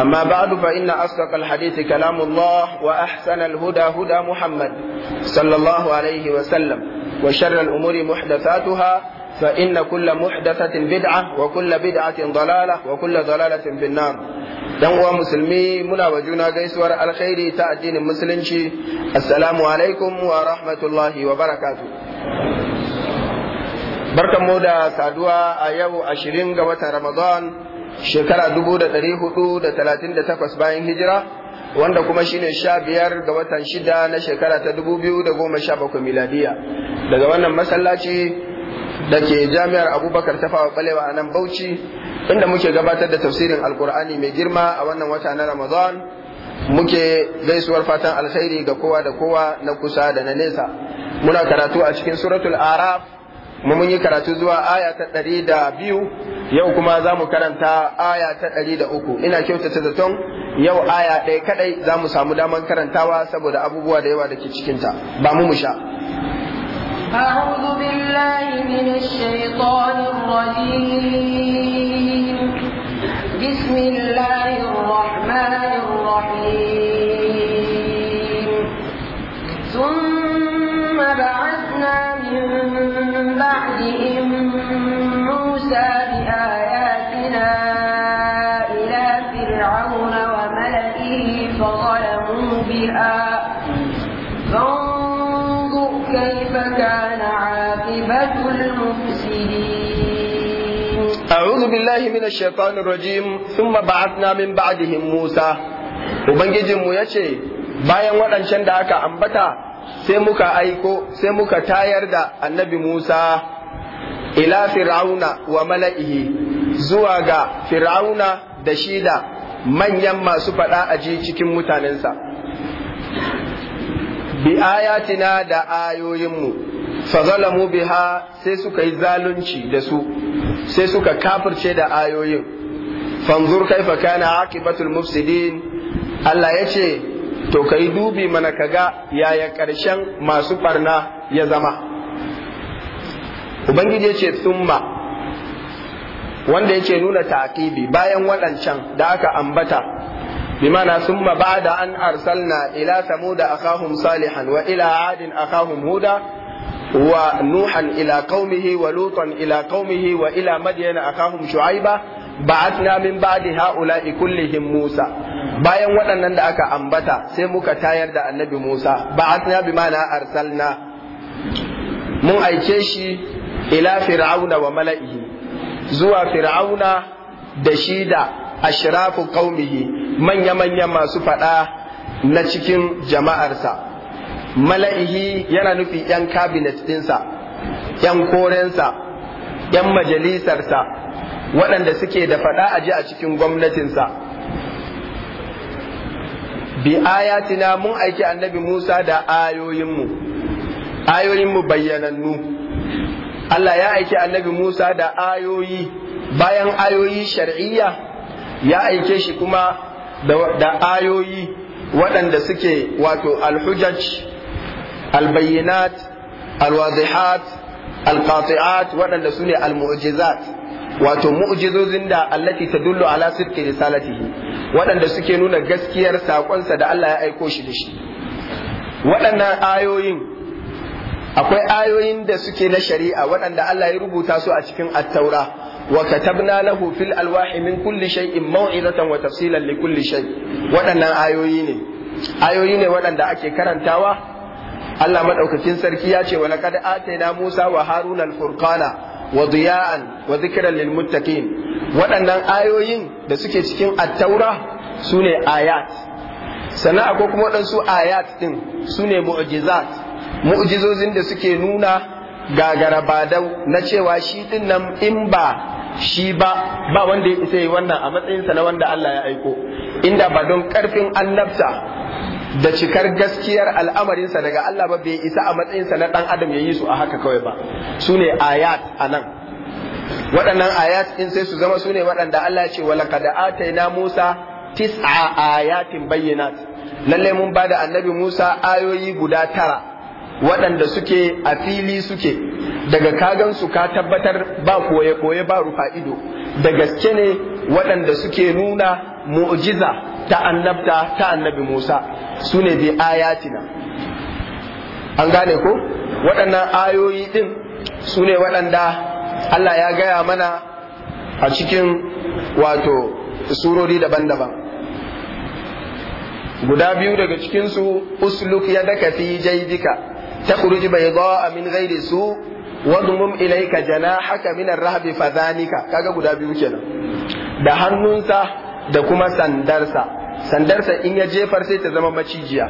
أما بعد فإن أصدق الحديث كلام الله وأحسن الهدى هدى محمد صلى الله عليه وسلم وشر الأمور محدثاتها فإن كل محدثة بدعة وكل بدعة ضلالة وكل ضلالة في النار dan uwa musulmi muna wa juna gaisuwar alkhairi ta addinin musulunci assalamu alaikum wa rahmatullahi wa barakatu. barkan mu da saduwa a yau ashirin ga ramadan shekara da da talatin takwas bayan hijira wanda kuma shine sha biyar ga watan shida na shekara ta da goma sha 2017 miladiya daga wannan masallaci da ke jami'ar abubakar ta fawa balewa a nan bauchi inda muke gabatar da tafsirin alkur'ani mai girma a wannan wata na ramadan muke gaisuwar fatan alkhairi ga kowa da kowa na kusa da na nesa muna karatu a cikin suratul araf mu mun yi karatu zuwa aya ta ɗari da biyu yau kuma za mu karanta aya ta ɗari da uku ina kyautata zaton yau aya ɗaya kaɗai za mu samu damar karantawa saboda abubuwa da yawa da ke cikinta ba mu musha. sha بسم الله الرحمن الرحيم من الشيطان الرجيم ثم بعثنا من بعدهم موسى ubangijinmu ya ce bayan waɗancan da aka ambata sai muka aiko sai muka tayar da annabi musa ila fir'auna wa mala'ihi zuwa ga fir'auna da shi da manyan masu faɗa a ji cikin mutanensa bi ayatina da ayoyinmu fazalamu biha sai suka yi zalunci da su sai suka kafirce da ayoyin fanzur kaifa kana aqibatul mufsidin Allah ya ce to kai dubi mana kaga yaya karshen masu barna ya zama ubangiji ya ce tsumma wanda yake nuna taqibi bayan waɗancan da aka ambata bimana summa ba'da an arsalna ila samu da akahun salihan wa ila adin akahum huda wa nuhan ila qaumihi wa lutan ila qaumihi wa ila madyana akahum shu'aiba ba'athna min ba'di ha'ula'i kullihim Musa bayan waɗannan da aka ambata sai muka tayar da annabi Musa ba'athna bi ma'ana arsalna mun aike shi ila fir'auna wa mala'ihi zuwa fir'auna da shi da ashrafu qaumihi manya manya masu faɗa na cikin jama'arsa mala'ihi yana nufi yan cabinet dinsa yan korensa yan majalisarsa waɗanda suke da faɗa a ji a cikin gwamnatinsa bi ayatina mun aiki annabi Musa da ayoyinmu ayoyinmu bayyanannu Allah ya aiki annabi Musa da ayoyi bayan ayoyi shar'iyya ya aike shi kuma da ayoyi waɗanda suke wato alhujaj albayyinat alwazihat alqati'at waɗanda su ne almu'jizat wato mu'jizozin da allati tadullu ala sidqi risalatihi waɗanda suke nuna gaskiyar sakonsa da Allah ya aiko shi da shi waɗannan ayoyin akwai ayoyin da suke na shari'a waɗanda Allah ya rubuta su a cikin attaura taura wa katabna lahu fil alwahi min kulli shay'in maw'izatan wa tafsilan li kulli shay waɗannan ayoyi ne ayoyi ne waɗanda ake karantawa Allah madaukakin sarki ya ce wani kada ataina Musa wa Harun al-furqana wa diya'an wa dhikran lil muttaqin waɗannan ayoyin da suke cikin at-taura sune ayat sannan akwai kuma waɗansu ayat din sune mu'jizat mu'jizozin da suke nuna gagara badau na cewa shi din nan in ba shi ba ba wanda ya isa yi wannan a matsayinsa na wanda Allah ya aiko inda ba don karfin annabta da cikar gaskiyar al'amarinsa daga Allah ba bai isa a matsayinsa na ɗan adam ya su a haka kawai ba su ne ayat a nan waɗannan ayat in sai su zama su ne waɗanda Allah ce wa laqad ataina Musa tis'a ayatin bayyinat lalle mun ba annabi Musa ayoyi guda tara waɗanda suke a fili suke daga kagan su ka tabbatar ba koye koye ba rufa ido da gaske ne waɗanda suke nuna mu'jiza ta annabta ta annabi Musa su ne dai ayatina an gane ko waɗannan ayoyi ɗin su ne waɗanda Allah ya gaya mana a cikin wato surori daban-daban guda biyu daga cikinsu usluk ya daka fi jaidika ta kuruji bai a min gairi su ilai ka jana haka minar rahabi fazanika kaga guda biyu kenan da hannunsa da kuma sandarsa sandarsa in ya jefar sai ta zama macijiya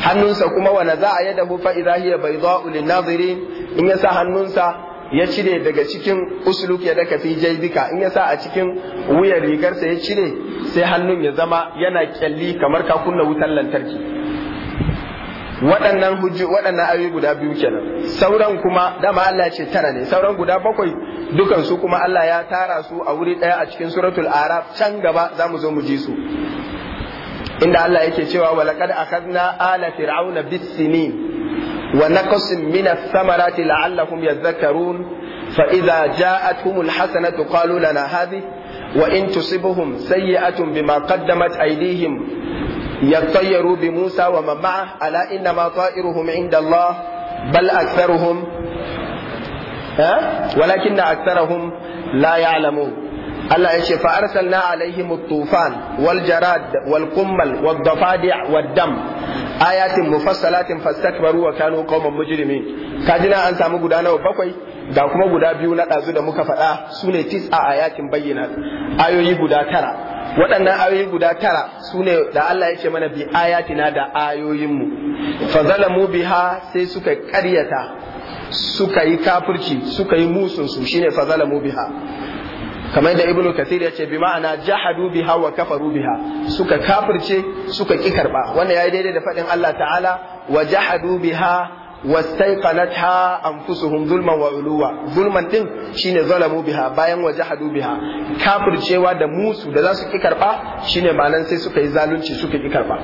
hannunsa kuma wane za a yada hufa idahiyya bai zuwa ulinaziri in ya sa hannunsa ya cire daga cikin usuluk ya daka fi jaibika in ya sa a cikin wuyan rigarsa ya cire sai hannun ya zama yana kyalli kamar ka kunna wutar lantarki waɗannan hujju waɗannan ayoyi guda biyu kenan sauran kuma dama Allah ce tara ne sauran guda bakwai dukan su kuma Allah ya tara su a wuri ɗaya a cikin suratul araf can gaba za mu zo mu ji su inda Allah yake cewa walaqad akhadna ala fir'auna bis-sinin wa naqsin min ath-thamarati la'allahum yadhakkarun fa idza ja'atuhum al-hasanatu qalu lana hadhihi wa in tusibhum sayyi'atun bima qaddamat aydihim yattayyaru bi Musa wa man ma'ah ala inna ma inda Allah bal aktharuhum ha walakinna aktharahum la ya'lamun Allah ya ce fa'arsalna alaihim tufan wal jarad wal kummal wal dafadi' wal dam ayatin mufassalatin fastakbaru wa kanu qauman mujrimin kaji na an samu guda nawa bakwai ga kuma guda biyu na ɗazu da muka faɗa sune tis'a ayatin bayyana ayoyi guda tara waɗannan ayoyi guda tara su ne da Allah yake mana bi ayatina da ayoyinmu fazalamu biha sai suka karyata, suka yi kafirci suka yi musunsu shine fazalamu biha kamar da ibnu kathir ya ce bi ma'ana jahadu biha wa kafaru biha suka kafirce suka ki karba wannan yayi daidai da faɗin Allah ta'ala wa jahadu biha wastaiqanatha anfusuhum zulman wa uluwa zulman din shine zalamu biha bayan wajahadu biha kafircewa da musu da za su ki karba shine malan sai suka yi zalunci suka ki karba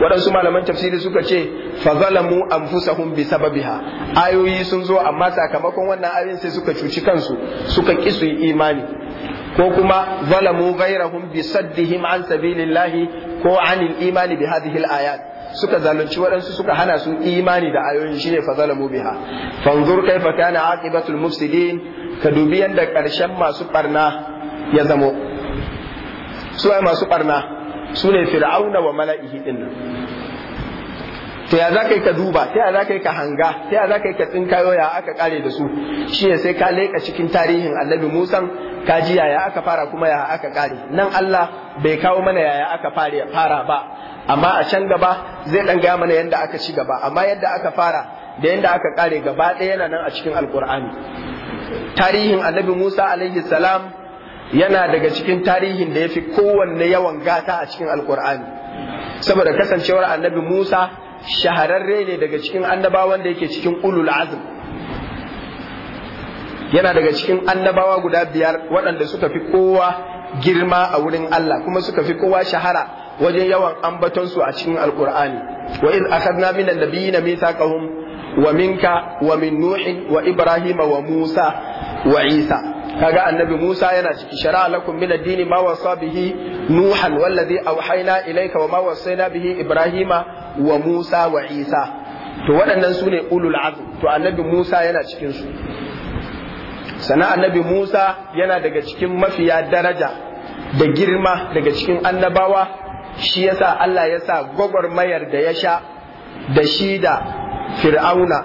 waɗansu malaman tafsiri suka ce fa zalamu anfusahum bi biha. ayoyi sun zo amma sakamakon wannan ayoyin sai suka cuci kansu suka ki su yi imani ko kuma zalamu ghairahum bisaddihim an sabilillahi ko anil imani bi hadhihi ayat suka zalunci waɗansu suka hana su imani da ayoyin shine fa zalamu biha fanzur fata na aqibatul mufsidin ka dubi yadda ƙarshen masu ɓarna ya zamo su ai masu ɓarna su ne fir'auna wa mala'ihi din nan ta ya za ka duba ta ya za ka ka hanga ta ya za ka ka tsinkayo ya aka kare da su shine sai ka leƙa cikin tarihin annabi musan kaji yaya aka fara kuma yaya aka kare nan Allah bai kawo mana yaya aka fara ba amma a can gaba zai dan gaya mana yadda aka ci gaba amma yadda aka fara da yadda aka kare gaba ɗaya yana nan a cikin alkur'ani tarihin annabi musa alaihi salam yana daga cikin tarihin da ya fi kowanne yawan gata a cikin alkur'ani saboda kasancewar annabi musa shahararre ne daga cikin annabawan da yake cikin ulul azm yana daga cikin annabawa guda biyar waɗanda suka fi kowa girma a wurin Allah kuma suka fi kowa shahara wajen yawan ambaton su a cikin alqur'ani wa iz akhadna min annabiyina mithaqahum wa minka wa min nuhin wa ibrahima wa musa wa isa kaga annabi musa yana ciki shara'a lakum min ad-dini ma wasa bihi nuhan wallazi awhayna ilayka wa ma wasaina bihi ibrahima wa musa wa isa to waɗannan su ne ulul azm to annabi musa yana cikin su sana annabi Musa yana daga cikin mafiya daraja da girma daga cikin annabawa shi yasa Allah ya sa gwagwarmayar da ya sha da shi da fir'auna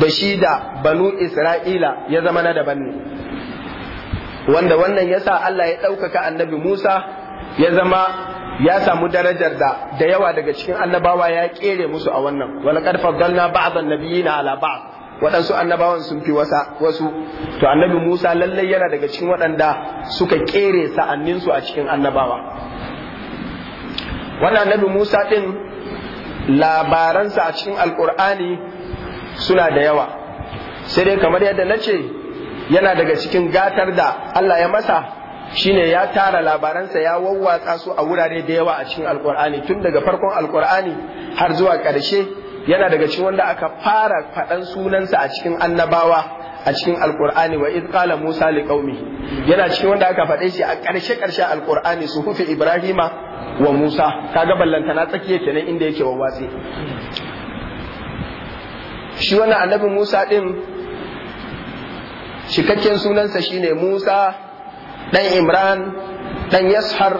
da shi da banu isra'ila ya zama na daban ne wanda wannan ya sa Allah ya ɗaukaka annabi Musa ya zama ya samu darajar da da yawa daga cikin annabawa ya kere musu a wannan wala qad faddalna ba'd annabiyina ala ba'd waɗansu annabawan sun fi wasu to annabi Musa lallai yana daga cikin waɗanda suka kere sa'anninsu a cikin annabawa wannan annabi Musa ɗin labaransa a cikin alkur'ani suna da yawa sai dai kamar yadda na ce yana daga cikin gatar da Allah ya masa shine ya tara labaransa ya wawwatsa su a wurare da yawa a cikin alkur'ani tun daga farkon alkur'ani har zuwa ƙarshe yana daga cikin wanda aka fara faɗan sunansa a cikin annabawa a cikin alkur'ani wa iz qala musa liqaumi yana cikin wanda aka faɗe shi a ƙarshe ƙarshe alkur'ani suhufi ibrahima wa Musa kaga ballanta na tsakiya kenan inda yake wa watsi shi wannan annabi Musa din cikakken sunansa shine Musa dan Imran dan Yashar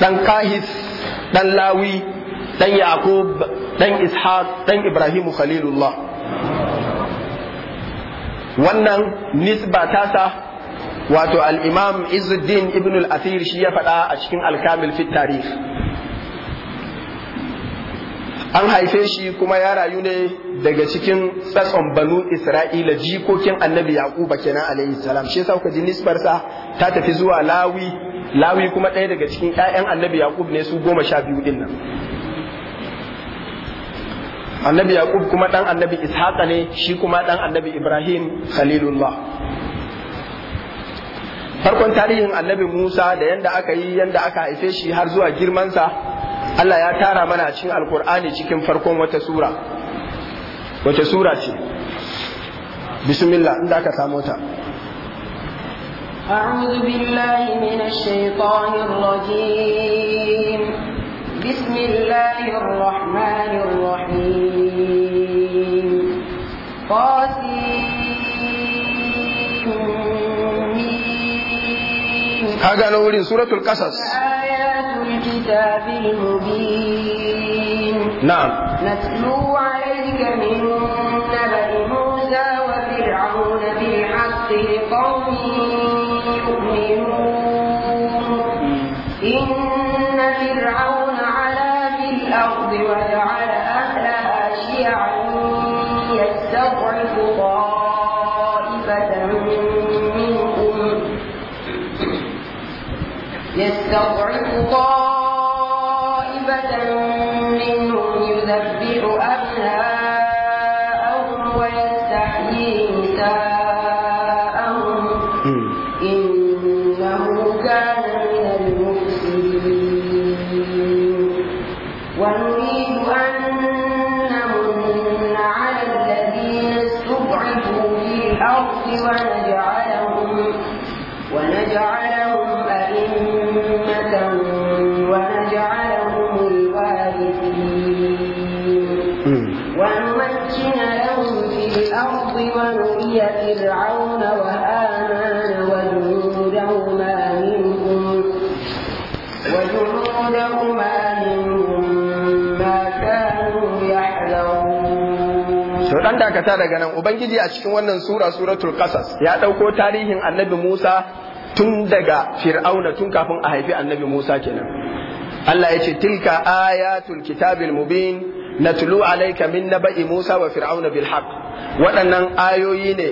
dan Kahis dan Lawi dan Yaqub dan Ishaq dan Ibrahim Khalilullah wannan nisba tasa wato al-imam ibn al-Athir shi ya faɗa a cikin al-Kamil fi an haife shi kuma ya rayu ne daga cikin tsatson banu Isra'ila jikokin annabi Yaquba kenan alayhi salam shi yasa kuka ji nisbarsa ta tafi zuwa Lawi Lawi kuma ɗaya daga cikin ƴaƴan annabi Yaqub ne su goma sha biyu din annabi Yaqub kuma ɗan annabi Ishaqa ne shi kuma ɗan annabi Ibrahim khalilullah farkon tarihin annabi Musa da yanda aka yi yanda aka haife shi har zuwa girmansa Allah ya tara mana cin cikin alkur'ani cikin farkon wata sura Wata sura ce bismillah inda aka samu ta أعوذ بالله من الشيطان الرجيم بسم الله الرحمن الرحيم قاسم هذا لو لي سورة القصص آيات الكتاب المبين نعم نتلو عليك من نبأ موسى وفرعون في لقوم يؤمنون dakata daga nan ubangiji a cikin wannan sura suratul qasas ya dauko tarihin annabi Musa tun daga fir'auna tun kafin a haifi annabi Musa kenan Allah ya ce tilka ayatul kitabil mubin natlu alayka min naba'i Musa wa fir'auna bil haqq waɗannan ayoyi ne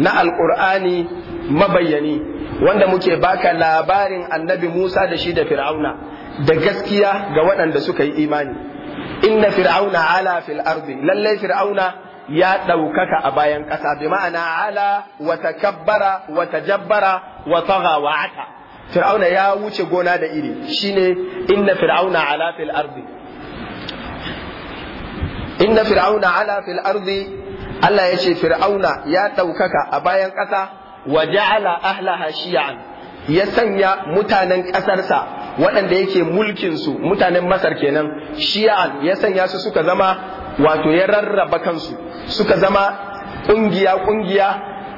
na alqur'ani mabayyani wanda muke baka labarin annabi Musa da shi da fir'auna da gaskiya ga waɗanda suka yi imani inna fir'auna ala fil ardi lallai fir'auna ya ɗaukaka a bayan ƙasa bi ma'ana ala wa takabbara wa tajabbara wa tagha wa ata fir'auna ya wuce gona da iri shine inna fir'auna ala fil ardi inna fir'auna ala fil ardi Allah ya ce fir'auna ya ɗaukaka a bayan ƙasa wa ja'ala ahlaha shi'an ya sanya mutanen ƙasarsa waɗanda yake mulkin su mutanen Masar kenan shi'an ya sanya su suka zama wato ya rarraba kansu suka zama kungiya kungiya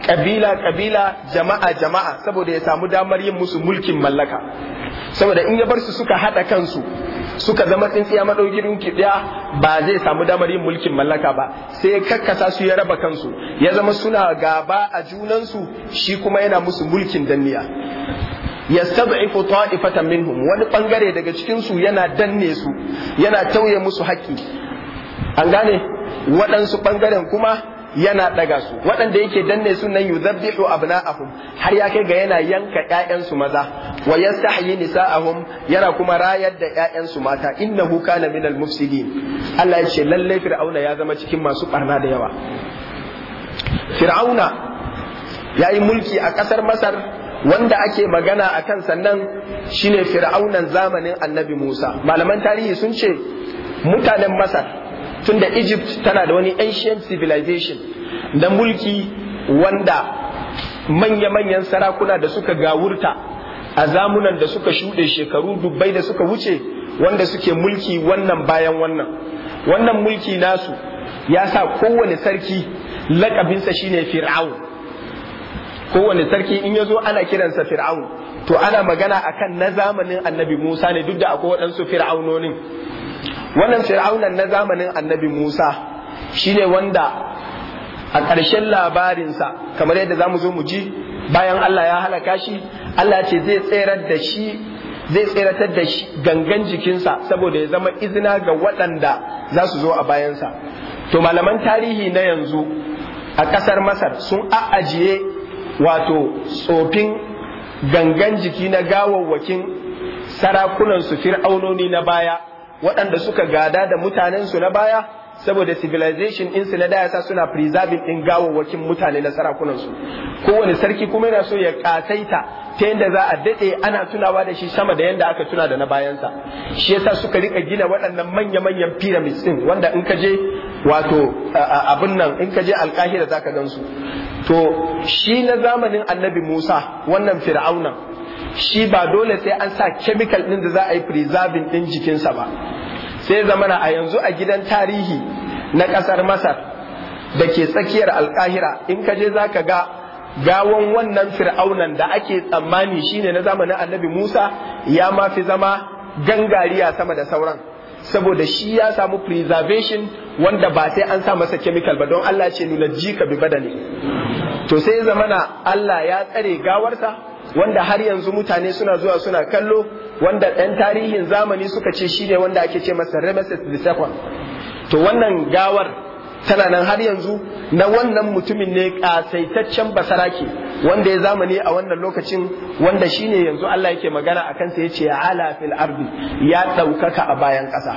kabila kabila jama'a jama'a saboda ya samu damar yin musu mulkin mallaka saboda in ya bar su suka haɗa kansu suka zama tsintsiya madaugirin kiɗiya ba zai samu damar yin mulkin mallaka ba sai ya kakkasa su ya raba kansu ya zama suna gaba a junansu shi kuma yana musu mulkin danniya yastad'ifu ta'ifatan minhum wani bangare daga cikin su yana danne su yana tauye musu haƙƙi an gane waɗansu ɓangaren kuma yana ɗaga su waɗanda yake danne su nan yuzabbihu abna'ahum har ya kai ga yana yanka ƴaƴansu maza wa yastahyi nisa'ahum yana kuma rayar da ƴaƴansu mata innahu kana minal mufsidin Allah ya ce lalle fir'auna ya zama cikin masu ɓarna da yawa fir'auna ya yi mulki a ƙasar masar wanda ake magana a kan sannan shine fir'aunan zamanin annabi musa malaman tarihi sun ce mutanen masar tunda Egypt tana da wani ancient civilization na mulki wanda manya-manyan sarakuna da suka gawurta a zamunan da suka shuɗe shekaru dubbai da suka wuce wanda suke mulki wannan bayan wannan wannan mulki nasu ya sa kowane sarki lakabinsa shine fir'aun kowane sarki in ya zo ana kiransa fir'aun to ana magana akan na zamanin annabi musa ne duk da akwai waɗansu fir'aunonin wannan fir'aunan na zamanin annabi Musa shine wanda a ƙarshen labarinsa kamar yadda za mu zo mu ji bayan Allah ya halaka shi Allah ce zai tserar da shi zai tseratar da shi gangan jikinsa saboda ya zama izina ga waɗanda za su zo a bayansa to malaman tarihi na yanzu a ƙasar masar sun a'ajiye wato tsofin gangan jiki na gawawwakin sarakunan su fir'aunoni na baya waɗanda suka gada da mutanensu na baya saboda civilization su na daya sa suna preserving ɗin gawawwakin mutane na sarakunansu kowane sarki kuma yana so ya kasaita ta yadda za a daɗe ana tunawa da shi sama da yadda aka tuna da na bayansa shi yasa suka rika gina waɗannan manya-manyan pyramids ɗin wanda in ka je wato abin nan in ka je alƙahira za ka gan su to shi na zamanin annabi musa wannan fir'auna shi ba dole sai an sa chemical ɗin da za a yi preserving ɗin jikinsa ba sai zamana a yanzu a gidan tarihi na ƙasar masar da ke tsakiyar alkahira in ka je za ka ga gawon wannan fir'aunan da ake tsammani shine na zamanin annabi musa ya ma fi zama gangariya sama da sauran saboda shi ya samu preservation wanda ba sai an sa masa chemical ba don Allah ce nuna jika bi badani to sai zamana Allah ya tsare gawarsa wanda har yanzu mutane suna zuwa suna kallo wanda ɗan tarihin zamani suka ce shi ne wanda ake ce masa Ramesses the second to wannan gawar tana nan har yanzu na wannan mutumin ne ƙasaitaccen basarake wanda ya zamani a wannan lokacin wanda shi ne yanzu Allah yake magana a kansa ya ce ala fil ardi ya ɗaukaka a bayan ƙasa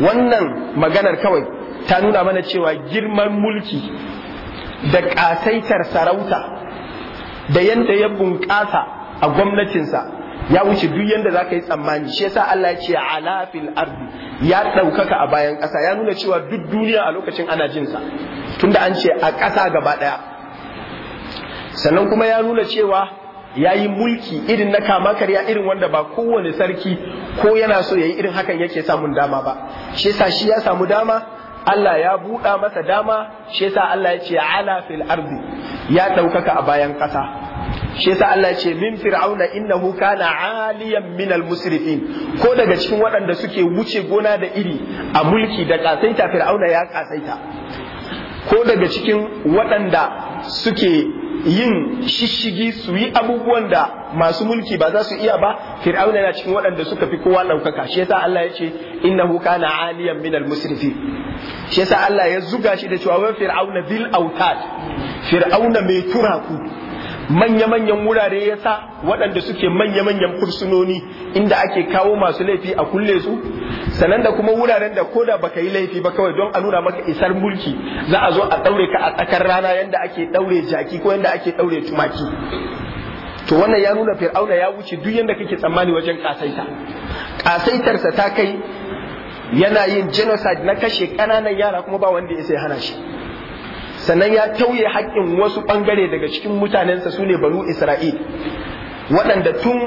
wannan maganar kawai ta nuna mana cewa girman mulki da ƙasaitar sarauta da yadda ya bunƙasa a gwamnatinsa ya wuce duk yadda za ka yi tsammani shi yasa Allah ya ce ala fil ardi ya ɗaukaka a bayan ƙasa ya nuna cewa duk duniya a lokacin ana jinsa tunda an ce a ƙasa gaba ɗaya sannan kuma ya nuna cewa ya yi mulki irin na kama karya irin wanda ba kowane sarki ko yana so ya yi irin hakan yake samun dama ba shi yasa shi ya samu dama Allah ya buɗa masa dama shi yasa Allah ya ce ala fil ardi ya ɗaukaka a bayan ƙasa shi yasa Allah ya ce min fir'auna innahu kana aliyan min al musrifin ko daga cikin waɗanda suke wuce gona da iri a mulki da ƙasaita fir'auna ya ƙasaita ko daga cikin waɗanda suke yin shishigi su yi abubuwan da masu mulki ba za su iya ba fir'auna yana cikin waɗanda suka fi kowa ɗaukaka shi yasa Allah ya ce innahu kana aliyan min al-musrifi shi yasa Allah ya zuga shi da cewa wa fir'auna bil autad fir'auna mai turaku manya-manyan wurare ya sa waɗanda suke manya-manyan fursunoni inda ake kawo masu laifi a kulle su sannan da kuma wuraren da koda baka yi laifi ba kawai don a nuna maka isar mulki za a zo a ɗaure ka a tsakar rana yanda ake ɗaure jaki ko yanda ake ɗaure tumaki to wannan ya nuna fir'auna ya wuce duk yanda kake tsammani wajen ƙasaita ƙasaitarsa ta kai yana yin genocide na kashe ƙananan yara kuma ba wanda ya sai hana shi sannan ya tauye haƙƙin wasu ɓangare daga cikin mutanensa su ne banu isra'il waɗanda tun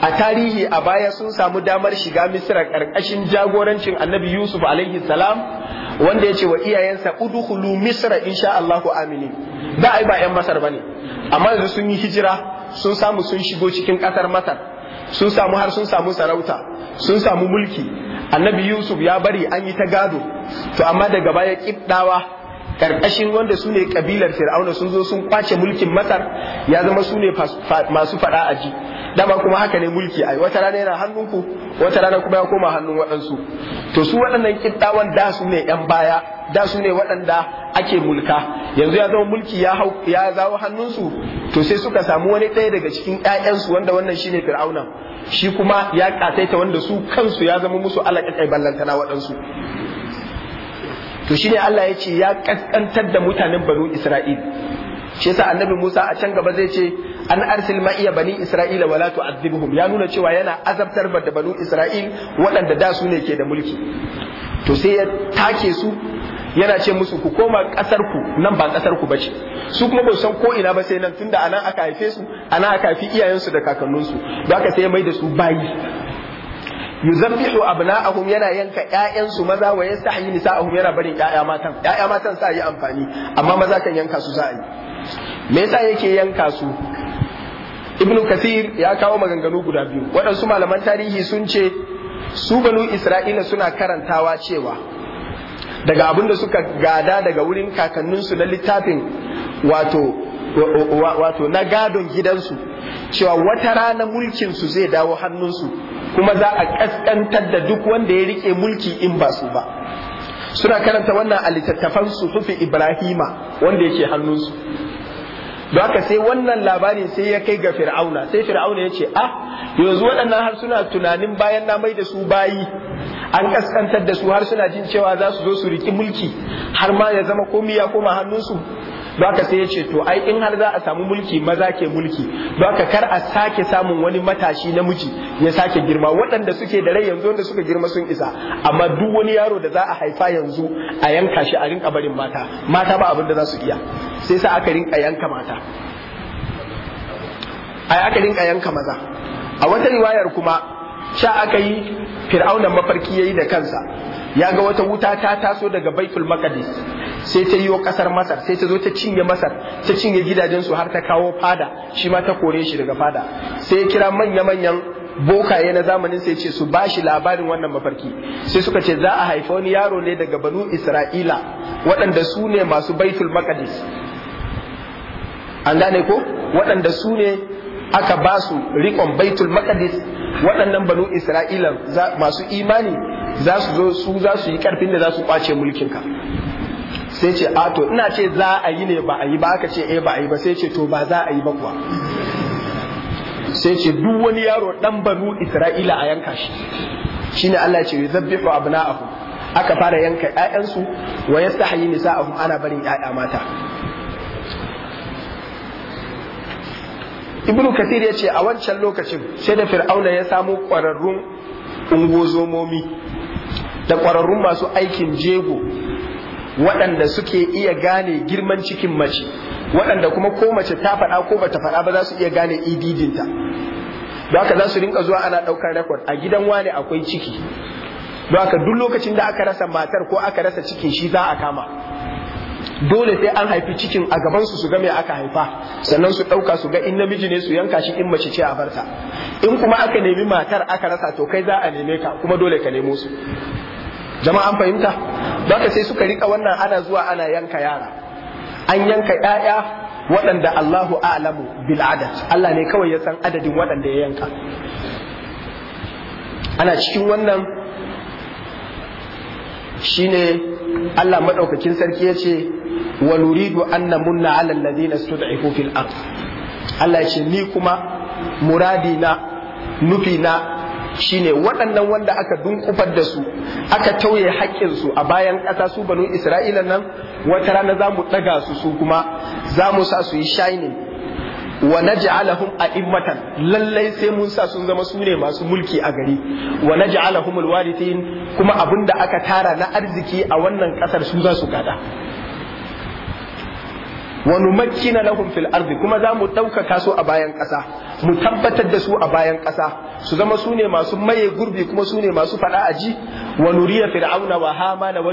a tarihi a baya sun samu damar shiga misira ƙarƙashin jagorancin annabi yusuf alaihi salam wanda ya ce wa iyayensa udhulu misra insha Allahu amini da ai ba yan masar ba ne. amma yanzu sun yi hijira sun samu sun shigo cikin ƙasar masar sun samu har sun samu sarauta sun samu mulki annabi yusuf ya bari an yi ta gado to amma daga baya kiddawa karkashin wanda su ne kabilar fir'auna sun zo sun kwace mulkin masar ya zama su ne masu fada a ji dama kuma haka ne mulki ai wata rana yana hannunku wata rana kuma ya koma hannun waɗansu to su waɗannan kittawan da su ne yan baya da su ne waɗanda ake mulka yanzu ya zama mulki ya hau ya zawo hannunsu to sai suka samu wani ɗaya daga cikin ƴaƴansu wanda wannan shine fir'auna shi kuma ya kataita wanda su kansu ya zama musu alaƙaƙai ballantana waɗansu to shine Allah ya ce ya kaskantar da mutanen banu Isra'il shi yasa annabi Musa a can gaba zai ce an arsil ma iya bani Isra'ila wala tu'adhibhum ya nuna cewa yana azabtar da banu Isra'il waɗanda da su ne ke da mulki to sai ya take su yana ce musu ku koma ƙasar ku nan ba ƙasar ku bace su kuma ba san ko ina ba sai nan tunda anan aka haife su anan aka haifi iyayensu da kakanninsu don haka sai ya mai da su bayi yuzabbihu abna'ahum yana yanka ƴaƴansu maza wa yastahi nisa'ahum yana barin ƴaƴa matan ƴaƴa matan sa yi amfani amma maza kan yanka su sa'i me yasa yake yanka su ibn kasir ya kawo maganganu guda biyu waɗansu malaman tarihi sun ce su banu isra'ila suna karantawa cewa daga abin da suka gada daga wurin kakanninsu na littafin wato wato na gadon gidansu cewa wata rana mulkin su zai dawo hannunsu kuma za a ƙasƙantar da duk wanda ya rike mulki in ba su ba suna karanta wannan a littattafan sufufi ibrahima wanda yake hannunsu don haka sai wannan labarin sai ya kai ga fir'auna sai fir'auna ya ce ah yanzu waɗannan har suna tunanin bayan na mai da su bayi an kaskantar da su har suna jin cewa za su zo su riki mulki har ma ya zama komi ya koma hannunsu don sai ya ce to ai in har za a samu mulki maza ke mulki don kar a sake samun wani matashi namiji ya sake girma waɗanda suke da rai yanzu wanda suka girma sun isa amma duk wani yaro da za a haifa yanzu a yanka shi a rinka barin mata mata ba abin da za su iya sai sa aka rinka yanka mata ai aka rinka yanka maza a wata riwayar kuma sha aka yi fir'aunan mafarki yayi da kansa ya ga wata wuta ta taso daga baitul maqdis sai ta yiwo kasar masar sai ta zo ta cinye masar ta cinye gidajensu har ta kawo fada shi ma ta kore shi daga fada sai ya kira manya-manyan bokaye na zamanin sai ce su bashi labarin wannan mafarki sai suka ce za a haifa wani yaro ne daga banu isra'ila waɗanda su ne masu baitul maqdis an gane ko waɗanda su ne aka ba su riƙon baitul maqdis waɗannan banu isra'ila masu imani za su zo su za su yi ƙarfin da za su ƙwace mulkinka sai ce a to ina ce za a yi ne ba a yi ba aka ce eh ba a yi ba sai ce to ba za a yi ba kuwa sai ce duk wani yaro ɗan banu isra'ila a yanka shi shine Allah ya ce yuzabbihu abna'ahum aka fara yanka ƴaƴansu wa yastahi nisa'ahum ana barin ƴaƴa mata ibnu kasir ya ce a wancan lokacin sai da fir'auna ya samu ƙwararrun ungozomomi da ƙwararrun masu aikin jego waɗanda suke iya gane girman cikin mace waɗanda kuma ko mace ta faɗa ko bata faɗa ba za su iya gane ididinta e don haka za su rinka zuwa ana ɗaukar rekod a gidan wane akwai ciki don haka duk lokacin da aka rasa matar ko aka rasa cikin shi za a kama dole sai an haifi cikin a gaban su su ga me aka haifa sannan su ɗauka su ga in namiji ne su yanka shi in mace ce a barta in kuma aka nemi matar aka rasa to kai za a neme ka kuma dole ka nemo su jama'a an fahimta don sai suka rika wannan ana zuwa ana yanka yara an yanka 'ya'ya waɗanda Allahu a'lamu bil adad Allah ne kawai ya san adadin waɗanda ya yanka ana cikin wannan shine Allah madaukakin sarki ya ce wa nuridu an namunna ala alladhina stud'ifu fil Allah ce ni kuma muradi na nufi na shine waɗannan wanda aka dunkufar da su aka tauye haƙƙinsu a bayan ƙasa su banu isra'ila nan wata rana za mu ɗaga su su kuma za mu sa su yi shining wa a a'immatan lallai sai mun sa sun zama su ne masu mulki a gari wa naj'alahum alwarithin kuma abinda aka tara na arziki a wannan ƙasar su za su gada wa numakkina lahum fil ardi kuma za mu ɗaukaka su a bayan ƙasa mu tabbatar da su a bayan ƙasa su zama su ne masu maye gurbi kuma su ne masu faɗa a ji wa nuriya fir'auna wa hamana wa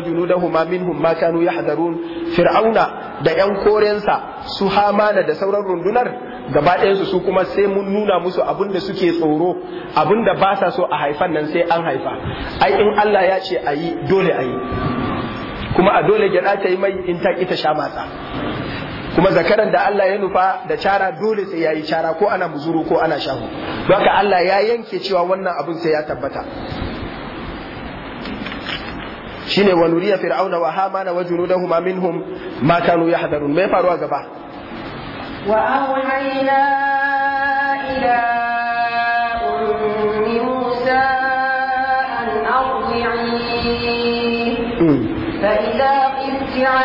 ma minhum ma kanu yahdarun fir'auna da yan korensa su hamana da sauran rundunar gaba ɗayansu su kuma sai mun nuna musu abin da suke tsoro abin da ba sa so a haifan nan sai an haifa ai in Allah ya ce ayi dole ayi kuma a dole gyaɗa ta yi mai in ta ita ta sha matsa kuma zakaran da Allah ya nufa da cara dole sai yayi cara ko ana muzuru ko ana shahu don haka Allah ya yanke cewa wannan abun sai ya tabbata shine ne fir'auna wa hamana wa junudahuma minhum ma kanu yahdarun mai faruwa gaba wa awhayna ila ummi musa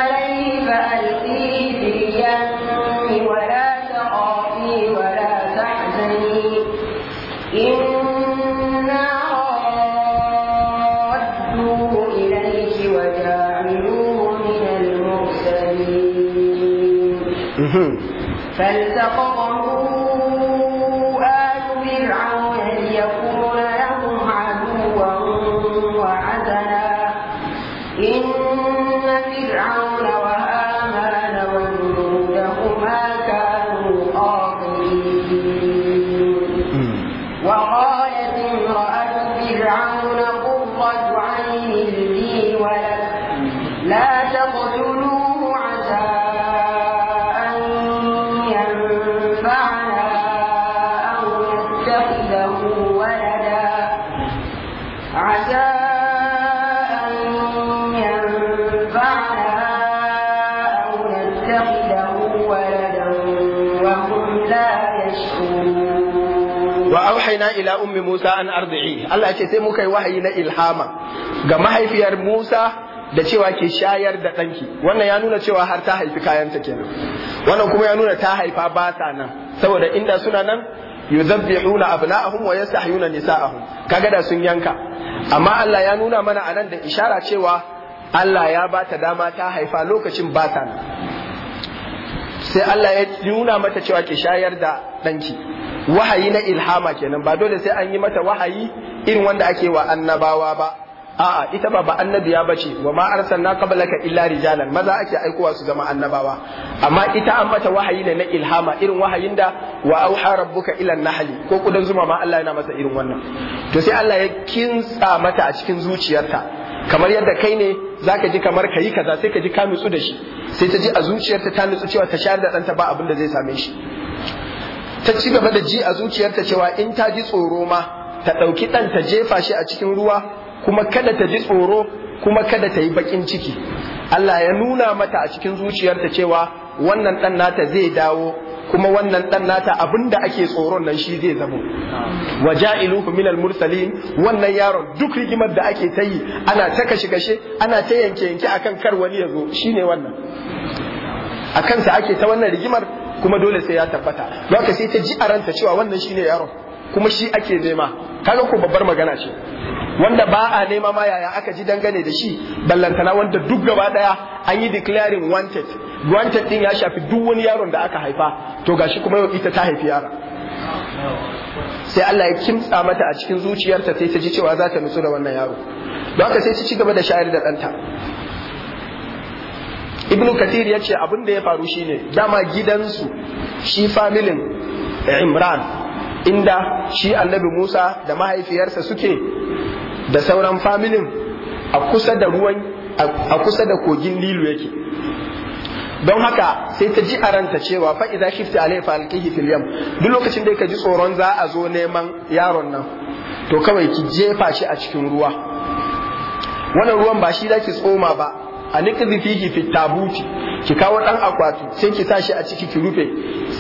an فالتقط wa auhayna ila ummi Musa an ardi'i Allah ce sai muka yi wahayi na ilhama ga mahaifiyar Musa da cewa ke shayar da ɗanki wannan ya nuna cewa har ta haifi kayanta kenan wannan kuma ya nuna ta haifa ba sa nan saboda inda suna nan yuzabbihuna abna'ahum wa yastahyuna nisa'ahum kaga da sun yanka amma Allah ya nuna mana anan da ishara cewa Allah ya ba ta dama ta haifa lokacin ba ta nan sai Allah ya nuna mata cewa ke shayar da ɗanki wahayi na ilhama kenan ba dole sai an yi mata wahayi irin wanda ake wa annabawa ba a'a ita ba ba annabiya bace wa ma arsalna qablaka illa rijalan maza ake aikowa su zama annabawa amma ita an mata wahayi ne na ilhama irin wahayin da wa auha rabbuka ila nahli ko kudan zuma ma Allah yana masa irin wannan to sai Allah ya kinsa mata a cikin zuciyarta kamar yadda kai ne zaka ji kamar kayi kaza sai ka ji ka nutsu da shi sai ta ji a zuciyarta ta nutsu cewa ta shayar da ɗanta ba abin da zai same shi ta ci gaba da ji a zuciyarta cewa in ta ji tsoro ma ta ɗauki ɗan ta jefa shi a cikin ruwa kuma kada ta ji tsoro kuma kada ta yi baƙin ciki Allah ya nuna mata a cikin zuciyarta cewa wannan ɗan nata zai dawo kuma wannan ɗan nata abin da ake tsoron nan shi zai zamo wa ja'iluhu minal mursalin wannan yaron duk rigimar da ake ta yi ana ta kashe kashe ana ta yanke yanke akan kar wani ya zo shine wannan a kansa ake ta wannan rigimar kuma dole sai ya tabbata haka sai ta ji a ranta cewa wannan shine yaron kuma shi ake nema kaga ko babbar magana ce wanda ba a nema ma yaya aka ji dangane da shi ballantana wanda duk gaba daya an yi declaring wanted wanted din ya shafi duk wani yaron da aka haifa to gashi kuma yau ita ta haifi yara sai Allah ya kimtsa mata a cikin zuciyarta sai ta ji cewa za ta nutsu da wannan yaro don sai ta ci gaba da shayar da ɗanta ibnu kathir ya ce abin da ya faru shine dama gidansu shi familin eh, imran inda shi annabi musa da mahaifiyarsa suke da sauran familin a kusa da ruwan a kusa da kogin lilu yake don haka sai ta ji a ranta cewa fa idza shifti alai fa alqihi fil yam duk lokacin da ka ji tsoron za a zo neman yaron nan to kawai ki jefa shi a cikin ruwa wannan ruwan ba shi zaki tsoma ba a nikzi fihi fi tabuti ki kawo ɗan akwati sai ki sa shi a ciki ki rufe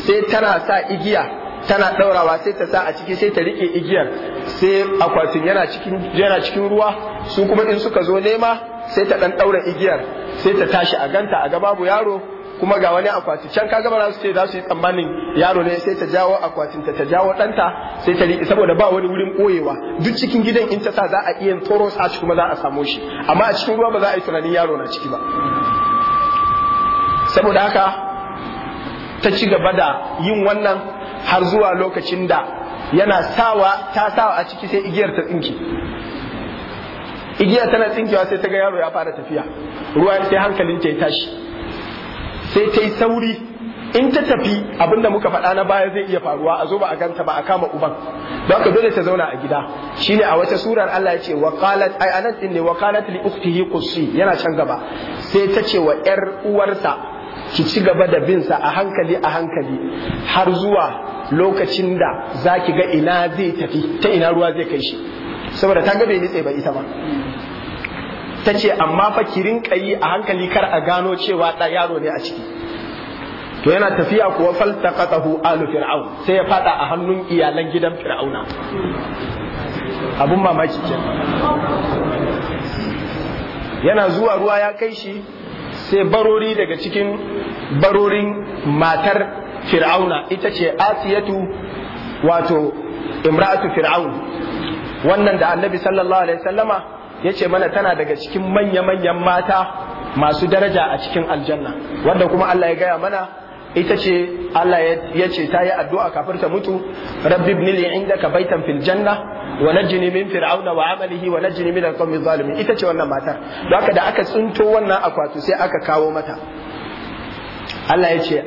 sai tana sa igiya tana daurawa sai ta sa a ciki sai ta rike igiyar sai akwatin yana cikin ruwa su kuma in suka zo nema sai ta ɗan daura igiyar sai ta tashi a ganta a ga babu yaro kuma ga wani akwati can kaga ba za su ce za su yi tsammanin yaro ne sai ta jawo akwatin ta ta jawo ɗanta sai ta riƙe saboda ba wani wurin koyewa duk cikin gidan in ta sa za a iya toro sa shi kuma za a samu shi amma a cikin ruwa ba za a yi tunanin yaro na ciki ba saboda haka ta ci gaba da yin wannan har zuwa lokacin da yana sawa ta sawa a ciki sai igiyar ta tsinki igiyar tana tsinkewa sai ta ga yaro ya fara tafiya ruwa sai hankalin ta ya tashi sai ta yi sauri in ta tafi abinda muka faɗa na baya zai iya faruwa a zo ba a ganta ba a kama uban don ka dole ta zauna a gida shine a wata surar Allah ya ce wa qalat ai anan din ne wa qalat li ukhtihi qussi yana can gaba sai ta ce wa yar uwarsa ki ci gaba da bin sa a hankali a hankali har zuwa lokacin da zaki ga ina zai tafi ta ina ruwa zai kai shi saboda ta ga bai nitse ba ita ba ta ce amma fa ki rinka a hankali kar a gano cewa ɗa yaro ne a ciki to yana tafiya kuwa faltaqatahu alu fir'aun sai ya fada a hannun iyalan gidan fir'auna abun mamaki ke yana zuwa ruwa ya kai shi sai barori daga cikin barorin matar fir'auna ita ce asiyatu wato Imratu fir'aun wannan da annabi sallallahu alaihi sallama ya ce mana tana daga cikin manya-manyan mata masu daraja a cikin aljanna wanda kuma Allah ya gaya mana ita ce Allah ya ce ta yi addu'a kafin ta mutu rabbi ibn li ka baitan fil janna wa najini min fir'auna wa amalihi wa najini min al-qawmi ita ce wannan matar don haka da aka tsinto wannan akwatu sai aka kawo mata Allah ya ce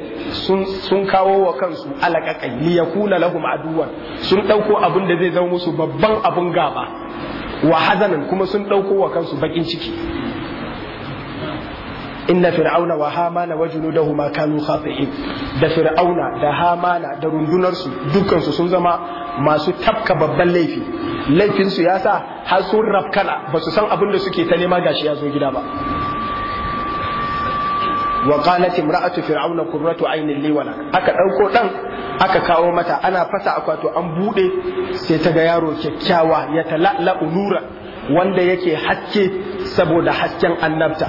sun kawo wa kansu alaƙaƙai liyakuna yakuna lahum aduwan sun ɗauko abin da zai zama musu babban abin gaba wa hazanan kuma sun ɗauko wa kansu bakin ciki inna fir'auna wa hamana wa junudahuma kanu khati'in da fir'auna da hamana da rundunarsu dukansu sun zama masu tafka babban laifi laifinsu ya sa har sun rafkala ba su san abin da suke ta nema gashi ya zo gida ba wa qalat imra'atu fir'auna qurratu aynin li wala aka dauko dan aka kawo mata ana fasa akwato an bude sai ta ga yaro kyakkyawa ya talalla unura wanda yake hakke saboda hasken annabta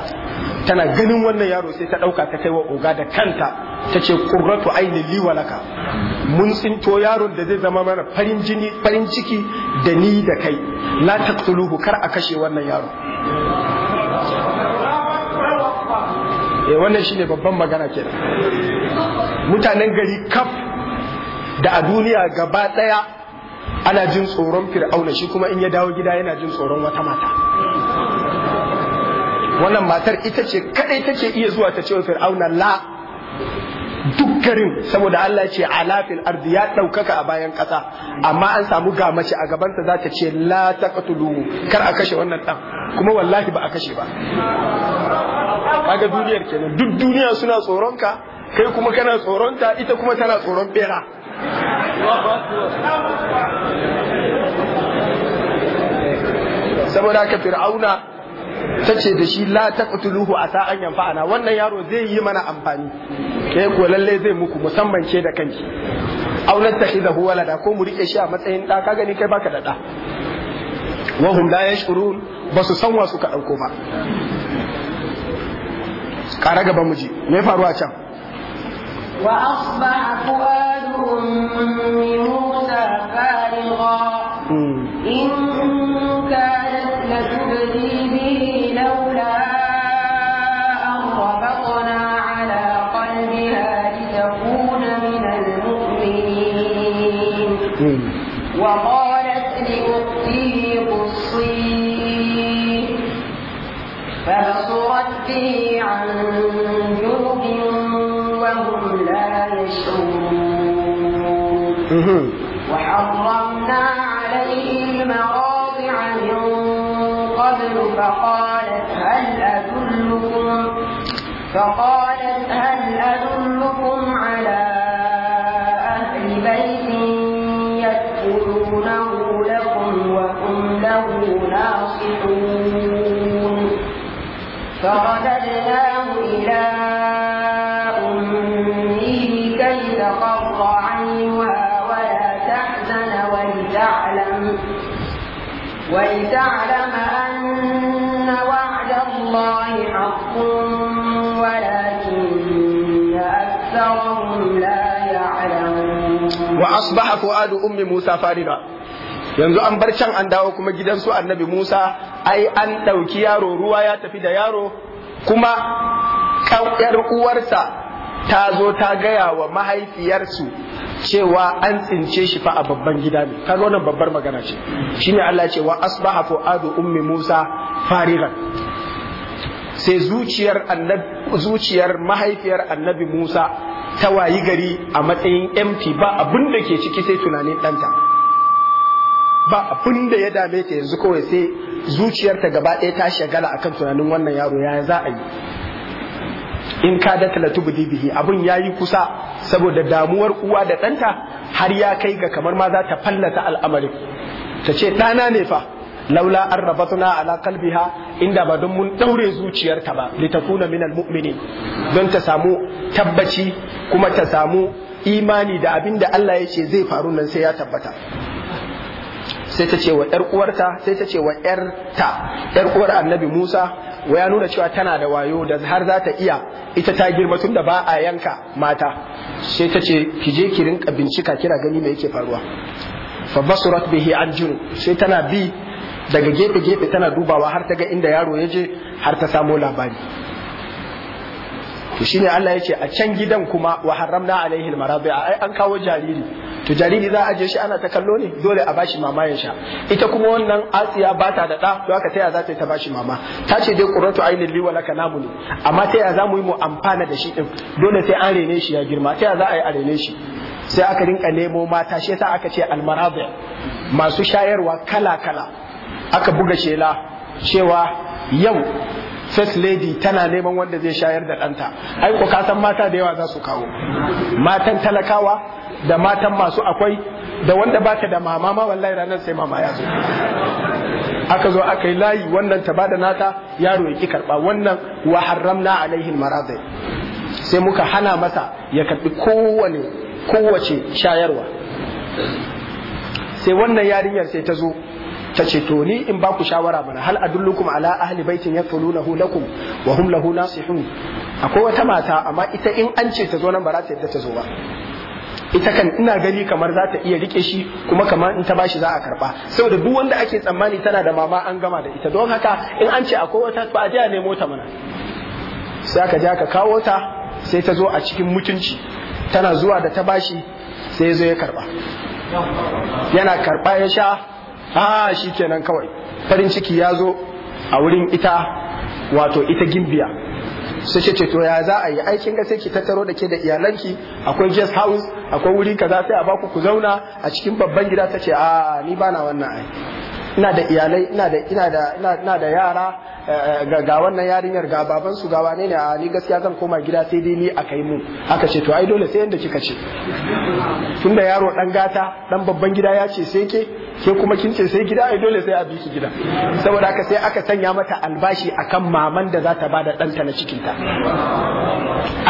tana ganin wannan yaro sai ta dauka ta kai wa oga da kanta ta ce qurratu aynin li walaka mun tsinto yaron da zai zama mana farin jini farin ciki da ni da kai la taqtuluhu kar a kashe wannan yaro eh wannan shine babban magana ke mutanen gari kaf da a duniya gaba daya ana jin tsoron fir'auna shi kuma in ya dawo gida yana jin tsoron wata mata wannan matar ita ce kadai take iya zuwa ta ce wa fir'auna la duk garin saboda Allah ce alafin ardi ya ɗaukaka a bayan kasa, amma an samu ga mace a gabanta za ta ce la taqtulu kar a kashe wannan dan, kuma wallahi ba a kashe ba kaga duniyar kenan duk duniya suna tsoron ka kai kuma kana tsoron ta ita kuma tana tsoron bera saboda ka fir'auna ta ce da shi la taqtuluhu sa'an an fa'ana wannan yaro zai yi mana amfani kai ko lalle zai muku musamman ce da kanki aw nattakhidahu walada ko mu rike shi a matsayin da ka gani kai baka da da wa hum la yashurun basu san wa suka dauko ba ƙara gaban miji me faruwa can wa asbaha fuadu min musa hmm. in جنوب وهم لا يشعرون وحرمنا عليه المراضع من قبل فقالت هل أدلكم فقال wa asbaha fuadu ummi musa farida yanzu an bar can an dawo kuma gidan su annabi musa ai an ɗauki yaro ruwa ya tafi da yaro kuma yar uwarsa ta zo ta gaya wa mahaifiyarsu cewa an tsince shi fa a babban gida ne kaga wannan babbar magana ce shine Allah ya ce wa asbaha fuadu ummi musa farigan sai zuciyar zuciyar mahaifiyar annabi Musa ta wayi gari a matsayin MT ba abin da ke ciki sai tunanin ɗanta ba abin da ya dame ta yanzu kawai sai zuciyarta gaba ɗaya ta shagala akan tunanin wannan yaro ya za a yi in ka da talatu budi bihi abin ya yi kusa saboda damuwar uwa da ɗanta har ya kai ga kamar ma za ta fallata al'amarin ta ce ɗana ne fa laula an rabatuna ala qalbiha inda ba don mun daure zuciyarta ba litakuna minal mu'minin don ta samu tabbaci kuma ta samu imani da abin da Allah ya ce zai faru nan sai ya tabbata sai ta ce wa ‘yar uwarta sai ta ce wa ‘yarta ‘yar uwar annabi Musa wa ya nuna cewa tana da wayo da har za ta iya ita ta girma tun da ba a yanka mata sai ta ce ki je ki rinka bincika kira gani me yake faruwa fa basurat bihi an sai tana bi daga gefe gefe tana dubawa har ta ga inda yaro ya je har ta samo labari to shine Allah ya ce a can gidan kuma wa haramna alaihi almaradi ai an kawo jariri to jariri za a je shi ana ta kallo ne dole a bashi mama ya sha ita kuma wannan asiya ba ta da da to haka taya za ta yi ta bashi mama ta ce dai qurratu ainin li walaka namu ne amma ya za mu yi mu amfana da shi din dole sai an rene shi ya girma taya za a yi a rene shi sai aka rinka nemo mata shi yasa aka ce almaradi masu shayarwa kala kala aka buga shela cewa yau first lady tana neman wanda zai shayar da ɗanta ai ko ka san mata da yawa za su kawo matan talakawa da matan masu akwai da wanda ba da mama ma wallahi ranar sai mama ya zo aka zo aka yi layi wannan ta bada nata yaro ya ki karba wannan wa harramna alaihin maradai sai muka hana masa ya karbi kowane kowace shayarwa sai wannan yarinyar sai ta zo ta ce to ni in ba ku shawara mana hal adullukum ala ahli baitin yaqulunahu lakum wa hum lahu nasihun akwai wata mata amma ita in an ce ta zo nan ba za ta yadda ta zo ba ita kan ina gani kamar za ta iya rike shi kuma kamar in ta bashi za a karba saboda duk wanda ake tsammani tana da mama an gama da ita don haka in an ce akwai wata ba a ne mota mana sai ka ja ka kawo ta sai ta zo a cikin mutunci tana zuwa da ta bashi sai ya zo ya karba yana karba ya sha a shi kenan kawai farin ciki ya zo a wurin ita wato ita gimbiya sai ce to ya za a yi aikin ga sai ki tattaro da ke da iyalanki akwai guest house akwai wuri za sai a baku ku zauna a cikin babban gida ta ce a ni bana wannan ai ina da iyalai ina da yara eh, ga wannan yarinyar ga baban su ga wane ne a ni gaskiya zan koma gida sai dai ni a kai mu aka ce to ai dole sai yanda kika ce tunda yaro ɗan gata ɗan babban gida ya ce sai ke ke kuma kin ce sai gida ai dole sai a bi gida saboda haka sai aka sanya mata albashi akan maman da za ta bada ɗanta na cikin ta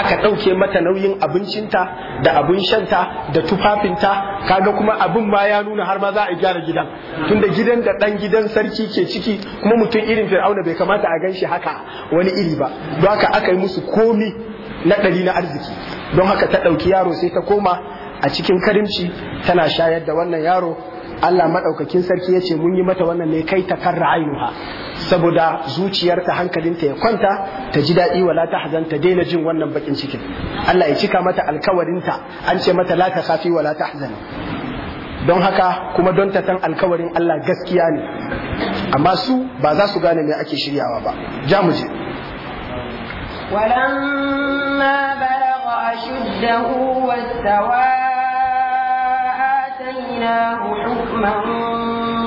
aka ɗauke mata nauyin abincinta da abin shanta da tufafinta kaga kuma abin ma ya nuna har ma za a gyara gidan tunda gidan da ɗan gidan sarki ke ciki kuma mutum irin fir'auna bai kamata a gan shi haka wani iri ba don haka aka yi musu komi na ɗari na arziki don haka ta ɗauki yaro sai ta koma a cikin karimci tana shayar da wannan yaro Allah madaukakin sarki ya ce mun yi mata wannan ne kai takarra ainuha saboda zuciyarta hankalinta ya kwanta ta ji daɗi wala ta hazan ta daina jin wannan bakin cikin Allah ya cika mata alkawarinta an ce mata la ta kafi wala ta hazan don haka kuma don ta san alkawarin Allah gaskiya ne amma su ba za su gane me ake shiryawa ba ja mu je ولما بلغ أشده آتيناه حكما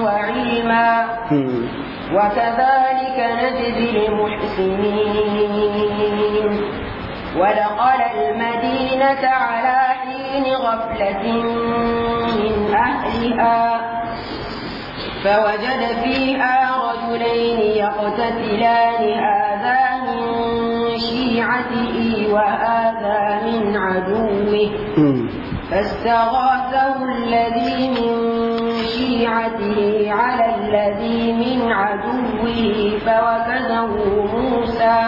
وعلما وكذلك نجزي المحسنين ودخل المدينة على حين غفلة من أهلها فوجد فيها رجلين يقتتلان هذا من شيعته وهذا من عدوه فاستغاثه الذي من شيعته على الذي من عدوه فوكزه موسى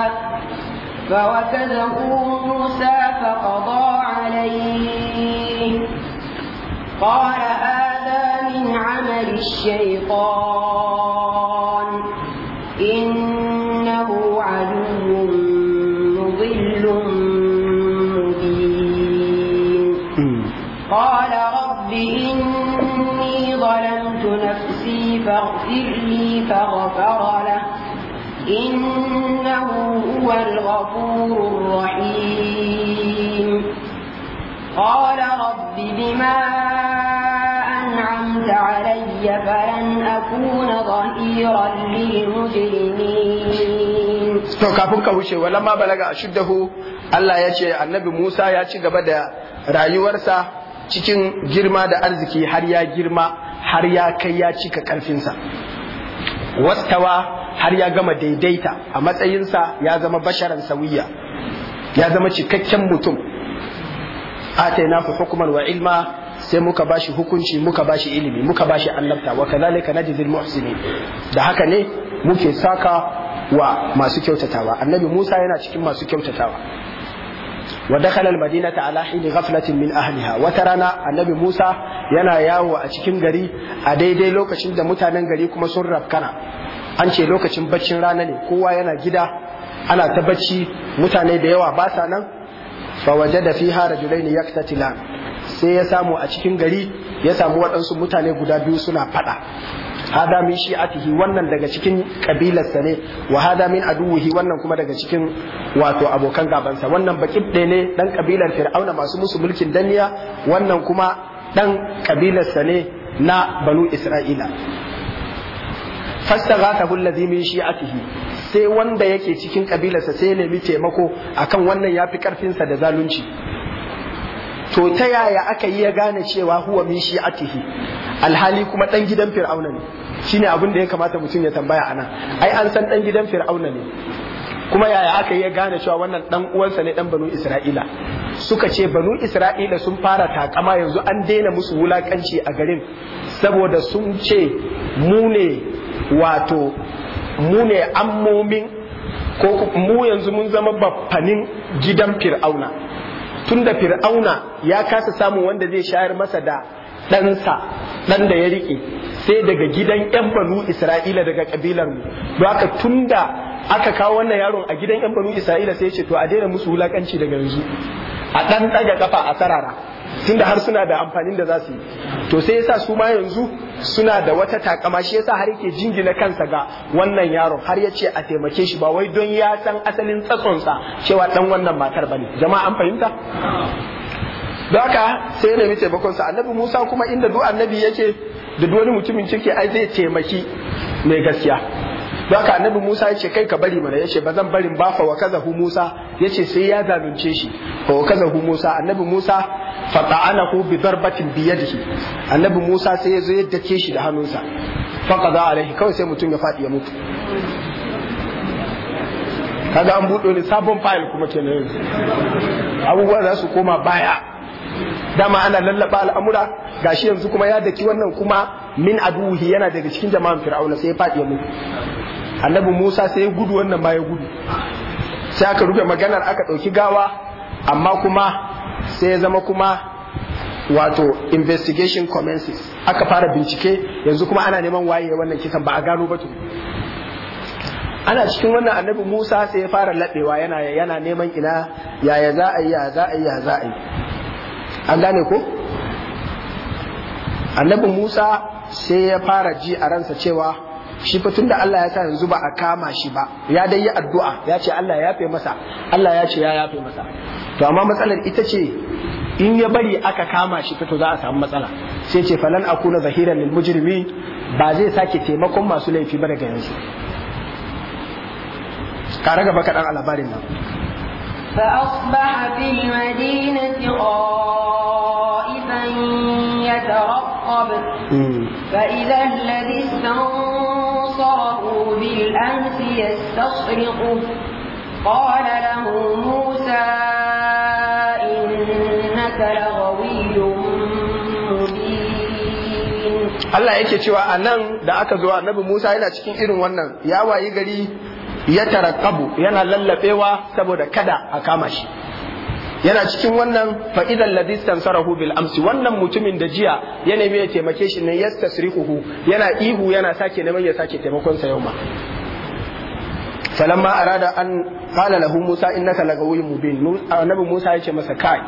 فوكزه موسى فقضى عليه قال هذا من عمل الشيطان فاغفر لي فغفر له إنه هو الغفور الرحيم قال رب بما أنعمت علي فلن أكون ظهيرا للمجرمين to kafin ka wuce ma balaga ashuddahu Allah ya ce annabi Musa ya ci gaba da rayuwarsa cikin girma da arziki har ya girma har ya kai ya cika karfinsa wastawa har ya gama daidaita a matsayinsa ya zama basharan sawiya ya zama cikakken mutum atainahu hukumar wa ilma sai muka bashi hukunci muka bashi ilimi muka bashi annabta wa kadhalika najzil muhsinin da haka ne muke saka wa masu kyautatawa annabi Musa yana cikin masu kyautatawa wa dakhala almadinata ala hili ghaflatin min ahliha wata rana annabi Musa yana yawo a cikin gari a daidai lokacin da mutanen gari kuma sun rafkana an ce lokacin baccin rana ne kowa yana gida ana ta bacci mutane da yawa ba sa nan fa wajada fiha rajulaini yaktatilan sai ya samu a cikin gari ya samu waɗansu mutane guda biyu suna faɗa hada min shi'atihi wannan daga cikin kabilarsa ne wa hada min aduwihi wannan kuma daga cikin wato abokan gabansa wannan bakin ɗaya ne dan kabilar fir'auna masu musu mulkin danniya wannan kuma dan kabilarsa ne na banu isra'ila fastaghathahu allazi min shi'atihi sai wanda yake cikin kabilarsa sai ya nemi taimako akan wannan yafi karfinsa da zalunci to ta yaya aka yi ya gane cewa huwa min shi'atihi alhali kuma dan gidan fir'auna ne shine abin da ya kamata mutum ya tambaya ana ai an san dan gidan fir'auna ne kuma yaya aka yi ya gane cewa wannan dan uwansa ne dan banu isra'ila suka ce banu isra'ila sun fara takama yanzu an daina musu wulakanci a garin saboda sun ce mu ne wato mu ne ammomin ko mu yanzu mun zama baffanin gidan fir'auna Tun da fir'auna ya kasa samun wanda zai shayar masa da ɗansa ɗan da ya riƙe sai daga gidan 'yan banu isra'ila daga ƙabilar mu don tun da aka kawo wannan yaron a gidan 'yan banu isra'ila sai ce to a daina musu wulakanci daga yanzu a ɗan ɗaga ƙafa a sarara tunda har suna da amfanin da za su yi to sai yasa su ma yanzu suna da wata takama shi yasa har yake jingina kansa ga wannan yaron har ya ce a taimake shi ba wai don ya san asalin tsatsonsa cewa dan wannan matar bane jama'a an fahimta da haka sai ya nemi sa? annabi Musa kuma inda duk annabi yake da duk mutumin ciki ai zai taimaki mai gaskiya haka annabi Musa ya ce kai ka bari mana ya ce ba zan bari ba fa wa kazahu Musa ya ce sai ya zalunce shi fa wa kazahu Musa annabi Musa fa ku bi darbatin bi annabi Musa sai ya zo ya dake shi da hannunsa fa qada alaihi kawai sai mutum ya faɗi ya mutu kaga an buɗe ne sabon fayil kuma kenan abubuwa za su koma baya dama ana lallaba al'amura gashi yanzu kuma ya daki wannan kuma min aduhi yana daga cikin jama'an fir'auna sai ya faɗi ya mutu annabi Musa sai ya gudu wannan ma ya gudu sai aka rufe maganar aka ɗauki gawa amma kuma sai ya zama kuma wato investigation commences aka fara bincike yanzu kuma ana neman waye wannan kisan ba a gano ba ana cikin wannan annabi Musa sai ya fara laɓewa yana neman ina yaya za a yi ya za a yi ya za a yi an gane ko annabi Musa sai ya fara ji a ransa cewa shi fa tunda Allah ya sa yanzu ba a kama shi ba ya dai yi addu'a ya ce Allah ya yafe masa Allah ya ce ya yafe masa to amma matsalar ita ce in ya bari aka kama shi to za a samu matsala sai ce falan akuna zahiran lil mujrimin ba zai sake taimakon masu laifi ba daga yanzu ka raga baka dan labarin nan فأصبح في المدينة خائفا يترقب فإذا الذي استنصره بالأمس يستصرقه قال له موسى إنك لغوي Allah yake cewa a nan da aka zo annabi Musa yana cikin irin wannan ya wayi gari ya tarakabu yana lallafewa saboda kada a kama shi yana cikin wannan fa'idan ladhi tansarahu bil amsi wannan mutumin da jiya ya nemi ya taimake shi ne yastasrihu yana ihu yana sake neman ya sake taimakon sa yau ma falamma arada an qala lahu musa innaka lagawiyyun mubin annabi musa ya ce masa kai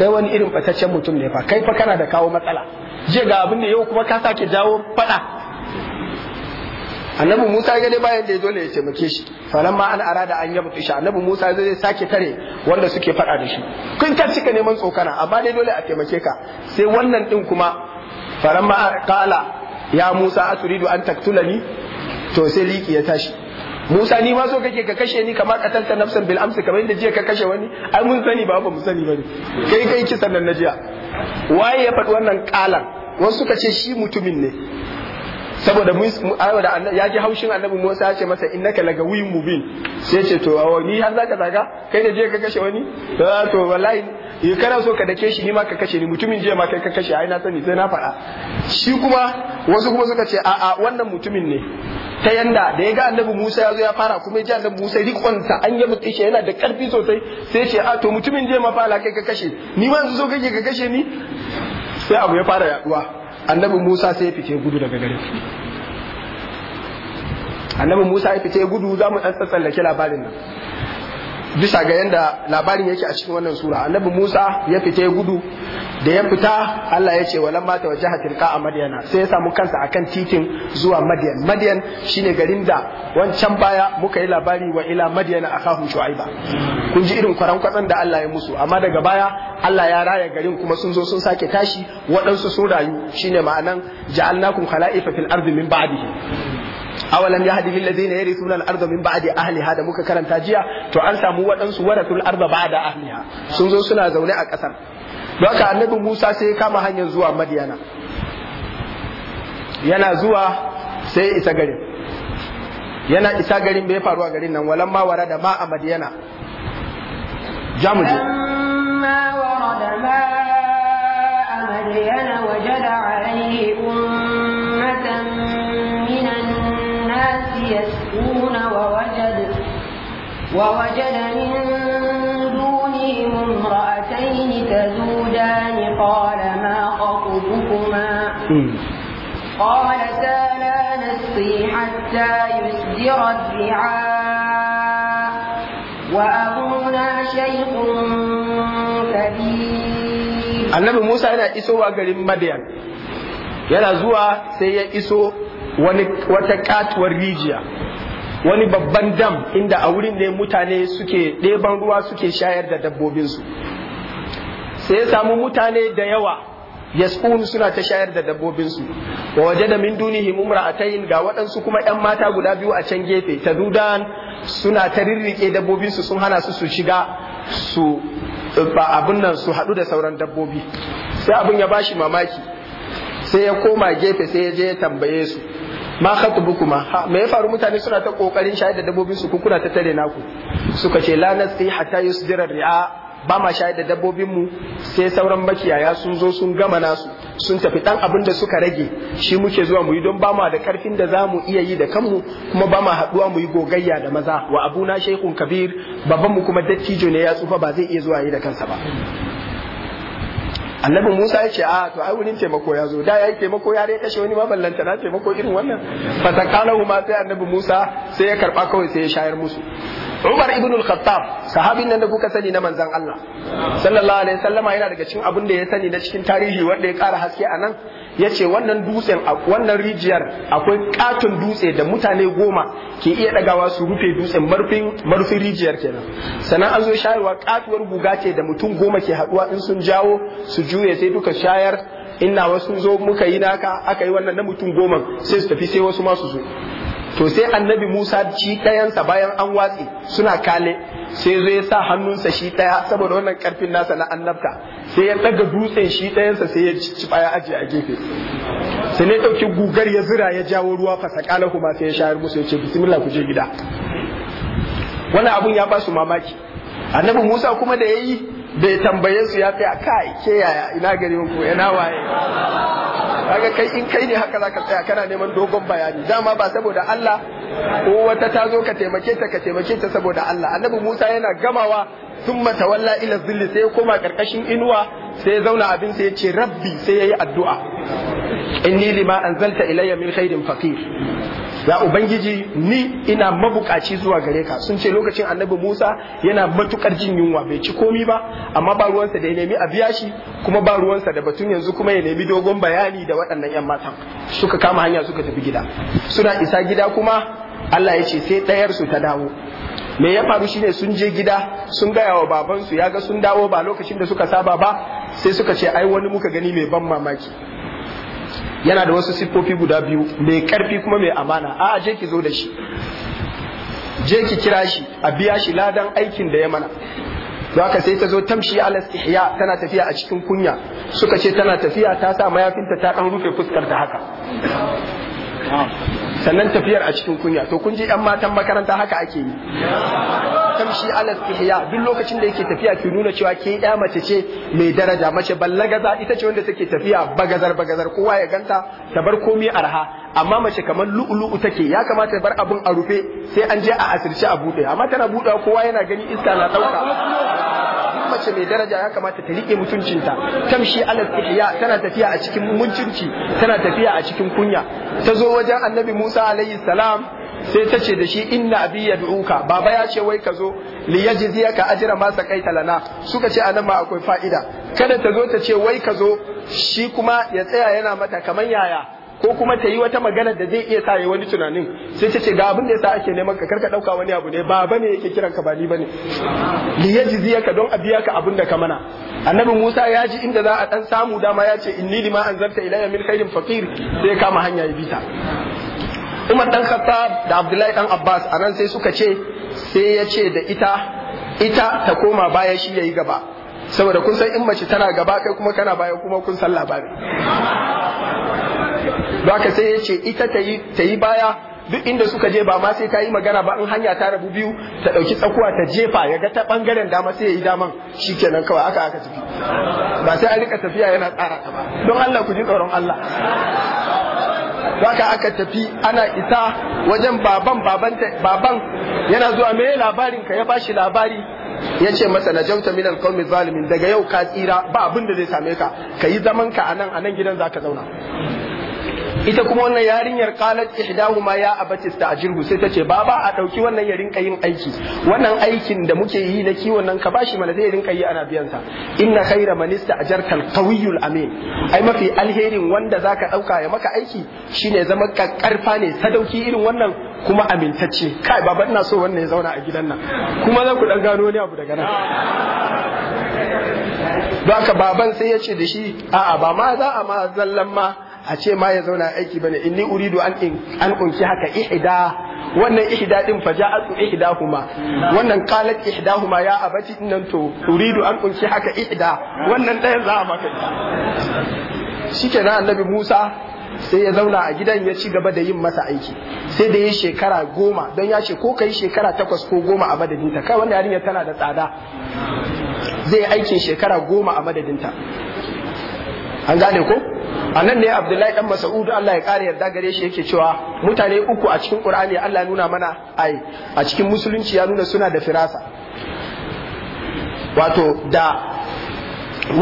kai wani irin fataccen mutum ne fa kai fa kana da kawo matsala jiya ga abin da yau kuma ka sake jawo fada annabi Musa ya ga bayan da ya dole ya taimake shi ma an arada an yabu shi annabi Musa zai sake tare wanda suke faɗa da shi kun kan cika neman tsokana amma dai dole a taimake ka sai wannan din kuma ma kala ya Musa aturidu an taktulani to sai liki ya tashi Musa ni ma so kake ka kashe ni kamar katanta nafsan bil amsi kamar inda jiya ka kashe wani ai mun sani ba ba mu sani bane kai kai kisan nan na jiya waye ya faɗi wannan kalan wasu ka ce shi mutumin ne saboda ya ji haushin annabi Musa ya ce masa innaka wuyin mubin sai ce to ni har zaka zaga kai da je ka kashe wani to wallahi in kana so ka dake shi ni ma ka kashe ni mutumin jiya ma kai ka kashe ai na sani sai na faɗa shi kuma wasu kuma suka ce a'a wannan mutumin ne ta yanda da ya ga annabi Musa ya zo ya fara kuma ya ji annabi Musa rikonsa an yi mutsi shi yana da karfi sosai sai ce a to mutumin jiya ma fa kai ka kashe ni ma yanzu so kake ka kashe ni sai abu ya fara yaduwa annabi Musa sai ya fice gudu daga garin annabi Musa ya fice gudu za mu ɗan tsallake labarin nan bisa ga yadda labarin yake a cikin wannan sura annabi Musa ya fita ya gudu da ya fita Allah ya ce wa walan mata wajaha tilka a madiyana sai ya samu kansa akan titin zuwa madiyan Madyan shine garin da wancan baya muka yi labari wa ila a kafin Shu'aiba kun ji irin kwaran kwatsan da Allah ya musu amma daga baya Allah ya raya garin kuma sun zo sun sake tashi waɗansu sun rayu shine ma'anan ja'alnakum khala'ifa fil ardi min ba'dihi awalam yahdi lil ladina yarithuna al arda min ba'di ahliha da muka karanta jiya to an samu waɗansu waratul arda ba'da ahliha sun zo suna zaune a ƙasar don haka annabi Musa sai ya kama hanyar zuwa Madiyana yana zuwa sai ya isa garin yana isa garin bai faruwa garin nan walan ma da ma a Madiyana jamuje ma ma a Madiyana wajada alaihi ووجد ووجد من دونهم امرأتين تزودان قال ما خطبكما قالتا لا نسقي حتى يسدر الدعاء وأبونا شيخ كبير النبي موسى أنا إسوا قريب مدين يلا زوا sai إسوا iso wani wani babban dam inda a wurin ne mutane suke ɗeban ruwa suke shayar da dabbobinsu sai ya samu mutane da yawa yasqun suna ta shayar da dabbobinsu wa waje da min dunihim imra'atayn ga waɗansu kuma ƴan mata guda biyu a can gefe ta dudan suna ta rirriƙe dabbobinsu sun hana su su shiga su ba abin nan su haɗu da sauran dabbobi sai abin ya bashi mamaki sai ya koma gefe sai ya je ya tambaye su ma khatubukuma ha me ya faru mutane suna ta kokarin shayar da dabbobin su kuna ta tare naku suka ce la nasi hatta yusdira ri'a ba ma shayar da dabbobin mu sai sauran makiyaya sun zo sun gama nasu sun tafi dan abin da suka rage shi muke zuwa mu yi don ba ma da karfin da zamu iya yi da kanmu kuma ba ma haduwa mu yi gogayya da maza wa abuna shaykhun kabir babanmu kuma dattijo ne ya tsufa ba zai iya zuwa yi da kansa ba annabi Musa ya ce a ah, to ai wurin taimako ya zo da ya yi taimako ya dai kashe wani maballanta na taimako irin wannan fa ma sai annabi Musa sai ya karba kawai sai ya shayar musu Umar ibn al-Khattab sahabin nan da kuka sani na manzon Allah sallallahu alaihi wasallama yana daga cikin abin da ya sani na cikin tarihi wanda ya kara haske a nan ya ce wannan dutsen wannan rijiyar akwai katon dutse da mutane goma ke iya dagawa su rufe dutsen marfin marfin rijiyar kenan sannan an zo shayarwa katuwar guga ce da mutum goma ke haduwa in sun jawo su juye sai duka shayar inna wasu zo muka yi naka aka yi wannan na mutum goma sai su tafi sai wasu masu zo to sai annabi Musa ci ɗayansa bayan an watsi suna kale sai ya sa hannunsa shi ɗaya saboda wannan karfin nasa na annabta sai ya daga dutsen shi ɗayansa sai ya ci ya aje a gefe sai ne ɗauki gugar ya zira ya jawo ruwa fa sakala kuma sai ya shayar musu ya ce bismillah ku je gida wannan abun ya ba su mamaki annabi Musa kuma da yayi bai tambaye su ya kai kai ke yaya ina gari ku ina waye kaga kai in kai ne haka zaka tsaya kana neman dogon bayani dama ba saboda Allah ko wata ta zo ka taimake ta ka taimake ta saboda Allah annabi Musa yana gamawa sun matawalla ila zilli sai ya koma karkashin inuwa sai ya zauna abin sai ya ce rabbi sai ya yi addu'a inni lima anzalta ilayya min khairin faqir ya ubangiji ni ina mabukaci zuwa gare ka sun ce lokacin annabi Musa yana matukar jin yunwa bai ci komi ba amma ba ruwansa da ya nemi a biya shi kuma ba ruwansa da batun yanzu kuma ya nemi dogon bayani da waɗannan 'yan matan suka kama hanya suka tafi gida suna isa gida kuma Allah ya ce sai ɗayarsu ta dawo me ya faru shine sun je gida sun gaya wa babansu ya ga sun dawo ba lokacin da suka saba ba sai suka ce ai wani muka gani mai ban mamaki yana da wasu siffofi guda biyu mai karfi kuma mai amana a je ki zo da shi je ki kira shi a biya shi ladan aikin da ya mana za haka sai ta zo tamshi ala istihya tana tafiya a cikin kunya suka ce tana tafiya ta sa mayafinta ta dan rufe fuskar ta haka sannan tafiyar a cikin kunya to kun ji yan matan makaranta haka ake yi Kamshi ala ihya duk lokacin da yake tafiya ke nuna cewa ke ya mace ce mai daraja mace ballagaza ita ce wanda take tafiya bagazar bagazar kowa ya ganta ta bar komai arha amma mace kamar lu'ulu'u take ya kamata bar abun a rufe sai an je a asirce a bude amma tana buɗewa kowa yana gani iska na ɗauka mace mai daraja ya kamata ta rike mutuncinta tamshi alal ihya tana tafiya a cikin mutunci tana tafiya a cikin kunya ta zo wajen annabi Musa alaihi salam sai ta ce da shi inna abi yad'uka baba ya ce wai ka zo li yajziyaka ajra ma saqaita lana suka ce anan ma akwai fa'ida kada ta zo ta ce wai ka zo shi kuma ya tsaya yana mata kamar yaya ko kuma ta yi wata magana da zai iya sa ya wani tunanin sai ta ce ga abin da yasa ake neman ka karka dauka wani abu ne ba bane yake kiran ka ba ni bane li ziyaka don a biya ka abin da ka mana annabi Musa ya ji inda za a dan samu dama ya ce inni lima anzalta ilayya min khairin faqir sai kama hanya ya bita Umar dan Khattab da Abdullahi dan Abbas anan sai suka ce sai ya ce da ita ita ta koma baya shi yayi gaba saboda kun san in mace tana gaba kai kuma kana baya kuma kun san labari. haka sai ya ce ita ta yi baya duk inda suka je ba ma sai ta yi magana ba in hanya ta rabu biyu ta ɗauki tsakuwa ta jefa ya ga ta ɓangaren dama sai ya yi daman shi kenan kawai aka aka tafi ba sai a rika tafiya yana tsara ta ba don Allah ku ji tsoron Allah haka aka tafi ana ita wajen baban baban yana zuwa me labarin ka ya bashi labari ya ce masa na jauta min alqawmi zalimin daga yau ka tsira ba abin da zai same ka ka yi zaman ka anan nan gidan ka zauna ita kuma wannan yarinyar ihdahu ma ya abati ajirhu sai ta ce baba a dauki wannan ya rinka yin aiki wannan aikin da muke yi na kiwon nan ka bashi mana zai rinka yi ana biyan sa inna Khaira man ista'jarta al amin ai mafi alherin wanda zaka dauka ya maka aiki shine zama karfa ne sadauki irin wannan kuma amintacce kai baba ina so wannan ya zauna a gidan nan kuma za ku dan gano ni abu daga nan Baka baban sai ya ce da shi a'a ba ma za a ma zallan ma a ce ma ya zauna aiki bane inni uridu an an kunki haka ihda wannan ihda din faja'atu ihdahuma wannan qalat ihdahuma ya abati innan to uridu an kunki haka ihda wannan ɗayan za a maka na annabi Musa sai ya zauna a gidan ya ci gaba da yin masa aiki sai da ya shekara goma don ya ce ko ka yi shekara takwas ko goma a madadinta kai wanda yarinya tana da tsada zai aikin shekara goma a madadinta an gane ko a nan ne abdullahi dan mas'ud Allah ya kare yarda gare shi yake cewa mutane uku a cikin qur'ani Allah nuna mana ai a cikin musulunci ya nuna suna da firasa wato da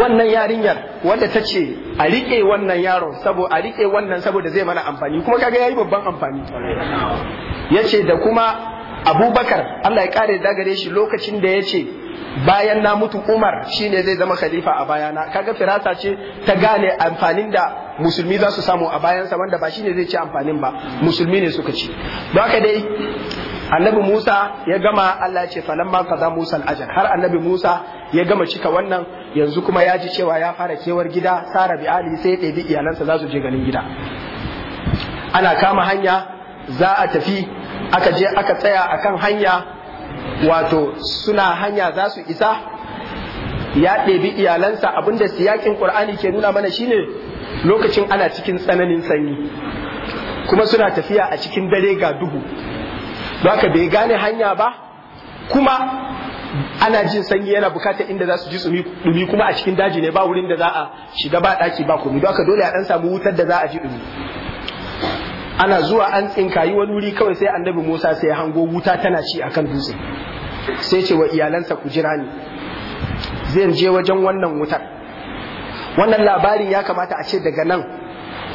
wannan yarinyar wanda ta ce a riƙe wannan yaron sabo a riƙe wannan saboda zai mana amfani kuma kaga yayi babban amfani Ya ce da kuma abubakar Allah ya kare da gare shi lokacin da ya ce bayan na mutu Umar shine zai zama khalifa a bayana kaga firasa ce ta gane amfanin da musulmi za su samu a bayansa wanda ba shine zai ci amfanin ba musulmi ne suka ci don haka dai annabi Musa ya gama Allah ya ce falamma kaza Musa al har annabi Musa ya gama cika wannan yanzu kuma ya ji cewa ya fara kewar gida Sara bi Ali sai ya ɗebi iyalansa za su je ganin gida ana kama hanya za a tafi aka je aka tsaya akan hanya wato suna hanya za su isa ya ɗebi iyalansa abinda siyakin ƙur'ani ke nuna mana shine lokacin ana cikin tsananin sanyi kuma suna tafiya a cikin dare ga duhu ka bai gane hanya ba kuma ana jin sanyi yana bukatar inda za su ji dumi kuma a cikin daji ne ba wurin da za a shiga ba ɗaki ba kuma haka dole a ɗan samu wutar da za a ji dumi ana zuwa an tsinkayi wani wuri kawai sai annabi Musa sai hango wuta tana ci akan dutse sai ce wa iyalansa ku jira ni zai je wajen wannan wutar wannan labarin ya kamata a ce daga nan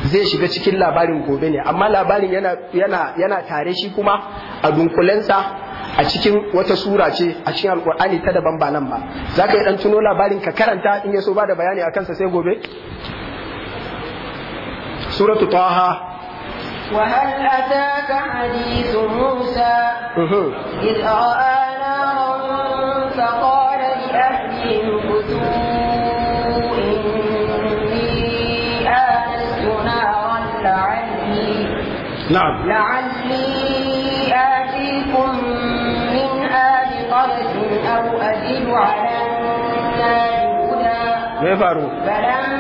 zai shiga cikin labarin gobe ne amma labarin yana yana tare shi kuma a dunkulensa a cikin wata sura ce a cikin alkur'ani ta daban ba nan ba Za ka yi ɗan tuno labarin ka karanta in ya so ba da bayani a kansa sai gobe suratu taha وهل أتاك حديث موسى إذ رأى نارا فقال لأهلهم كتوا إني آنست نارا لعلي نعم لعلي آتيكم منها بقرس أو أجد على النار هدى فلما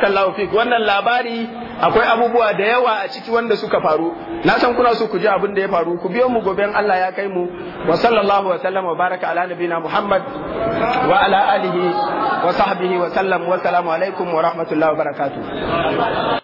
barakallahu fik wannan labari akwai abubuwa da yawa a ciki wanda suka faru na san kuna so ku ji abin da ya faru ku biyo mu goben Allah ya kai mu wa sallallahu wa sallam wa baraka ala nabina Muhammad wa ala alihi wa sahbihi wa sallam wa salamu alaikum wa rahmatullahi wa barakatuh